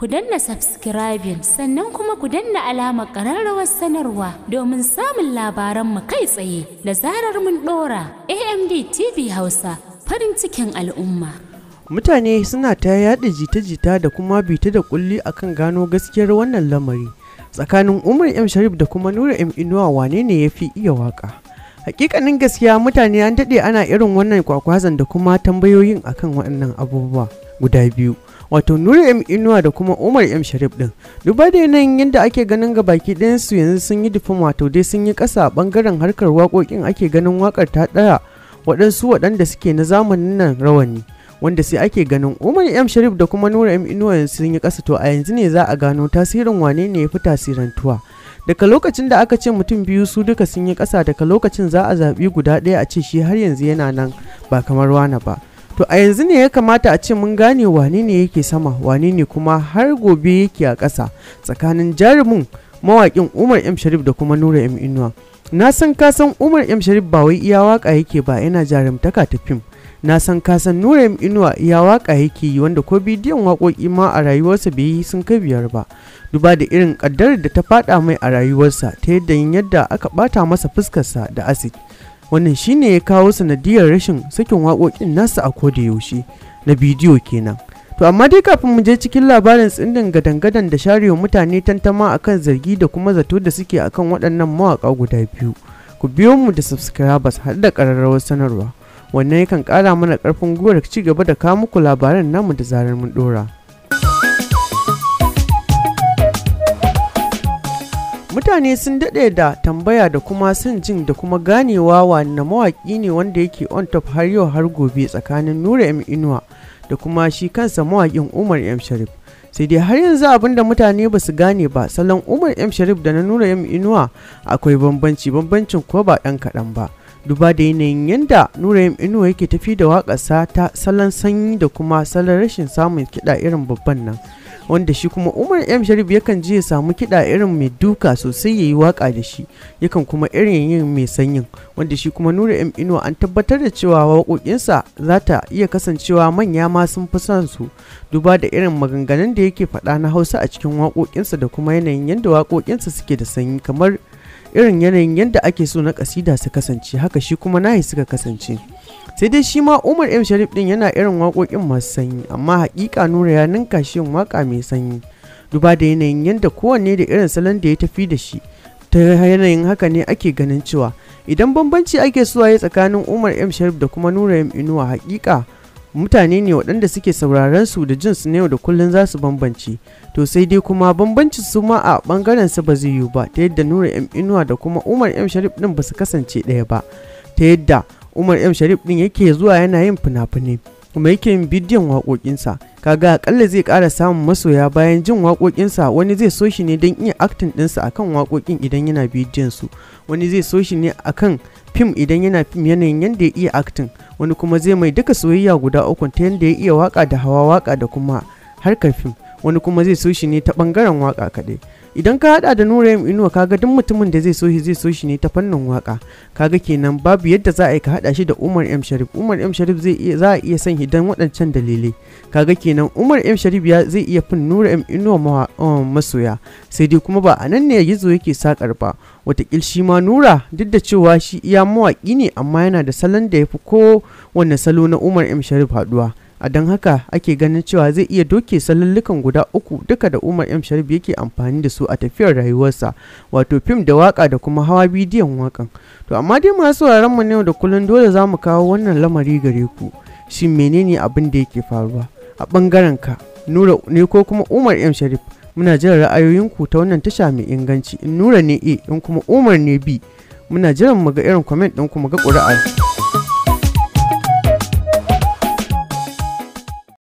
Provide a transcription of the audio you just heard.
ku danna subscribing sannan kuma ku danna alamar ƙararrawar sanarwa domin samun labaran mu kai tsaye da zarar mun ɗora amd tv hausa farin cikin al'umma mutane suna ta yaɗa jita-jita da kuma bita da kulli akan gano gaskiyar wannan lamari tsakanin umar m sharif da kuma nura m inuwa wane ne ya fi iya waka hakikanin gaskiya mutane an daɗe ana irin wannan kwakwazan da kuma tambayoyin akan waɗannan abubuwa guda biyu wato nuri m inuwa da kuma umar m sharif din duba da yanayin yadda ake ganin ga baki su yanzu sun yi difin wato dai sun yi kasa a bangaren harkar wakokin ake ganin wakar ta ɗaya waɗansu waɗanda suke na zamanin nan rawani wanda sai ake ganin umar m sharif da kuma nura m inuwa sun yi kasa to a yanzu ne za a gano tasirin wane ne ya fi tasirantuwa daga lokacin da aka ce mutum biyu su duka sun yi kasa daga lokacin za a zaɓi guda ɗaya a ce shi har yanzu yana nan ba kamar wana ba to a yanzu ne ya kamata a ce mun gane wane ne yake sama wane ne kuma har gobe yake a ƙasa tsakanin jarumin mawaƙin umar m sharif da kuma nura m inuwa na san ka umar m sharif ba wai iya waƙa yake ba yana jarumtaka ta fim na san ka san nura m inuwa iya waƙa yake yi wanda ko bidiyon waƙoƙi ma a rayuwarsa bai yi sun kai biyar ba duba da irin ƙaddarar da ta faɗa mai a rayuwarsa ta yadda yin yadda aka ɓata masa fuskarsa da asiki wannan shine ya kawo sanadiyar rashin sakin waƙoƙin nasa a koda yaushe na bidiyo kenan to amma dai kafin mu je cikin labarin tsindin gadan-gadan da sharewa mutane tantama akan zargi da kuma zato da suke akan waɗannan mawaƙa guda biyu ku biyo mu da subscribers har da ƙararrawar sanarwa wannan yakan ƙara mana ƙarfin gwiwar ci gaba da kawo muku labaran namu da zarar mun ɗora. mutane sun daɗe da tambaya da kuma son jin da kuma ganewa na mawaki ne wanda yake on top har yau har gobe tsakanin nura m inuwa da kuma shi kansa mawakin umar m sharif sai dai har yanzu abin da mutane ba su gane ba salon umar m sharif da na nura m inuwa akwai bambanci bambancin ko ba ɗan kaɗan ba duba da yanayin yadda nura m inuwa yake tafi da wakasa ta salon sanyi da kuma salon rashin samun kiɗa irin babban nan wanda shi kuma umar m sharif yakan je ya samu kiɗa irin mai duka sosai ya yi waƙa da shi yakan kuma irin yin mai sanyin wanda shi kuma nura m ino an tabbatar da cewa waƙoƙinsa za ta iya kasancewa manya ma sun fi son su duba da irin maganganun da yake faɗa na hausa a cikin waƙoƙinsa da kuma yanayin yadda waƙoƙinsa suke da sanyi kamar irin yanayin yadda ake so na kasida su kasance haka shi kuma nahi suka kasance sai dai shi ma umar m sharif din yana irin wakokin masu sanyi amma hakika nura ya ninka shi waƙa mai sanyi duba da yanayin yadda kowanne da irin salon da ya tafi da shi ta yanayin haka ne ake ganin cewa idan bambanci ake so yi tsakanin umar m sharif da kuma nura m inuwa hakika mutane ne waɗanda suke sauraron su da jinsu na yau da kullum za su bambance to sai dai kuma bambancin su ma a ɓangaren su ba zai yiwu ba ta yadda nura m inuwa da kuma umar m sharif din ba su kasance ɗaya ba ta yadda umar m sharif din yake zuwa yana yin fina-finai kuma yake yin bidiyon waƙoƙinsa kaga akalla zai kara samun masoya bayan jin waƙoƙinsa wani zai so shi ne don iya aktin dinsa akan wakokin idan yana bidiyon su wani zai so shi ne akan fim idan yana fim yanayin yadda ya iya aktin wani kuma zai mai duka soyayya guda uku ta yadda ya iya waka da hawa waka da kuma harkar fim wani kuma zai so shi ne ta bangaren waka kaɗai idan ka hada da nura m inuwa kaga duk mutumin da zai so shi zai so shi ne ta fannin waka kaga kenan babu yadda za a yi ka hada shi da umar m sharif umar m sharif zai iya za a iya son hidan waɗancan dalilai kaga kenan umar m sharif ya zai iya fin nura m inuwa um, masoya sai dai kuma ba a nan ne gizo yake sakar ba watakil shi ma nura duk da cewa shi iya mawaki ne amma yana da salon da ya fi ko wanne salo na umar m sharif haduwa a don haka ake ganin cewa zai iya doke salallukan guda uku duka da umar m sharif yake amfani da su a tafiyar rayuwarsa wato fim da waka da kuma hawa bidiyon wakan to amma dai masu sauraron mu yau da kullun dole za mu kawo wannan lamari gare ku shi menene abin da yake faruwa a bangaren ka nura ne ko kuma umar m sharif muna jiran ra'ayoyinku ta wannan tasha mai inganci in nura ne a in kuma umar ne b muna jiran mu ga irin comment ɗin kuma ga ƙuri'a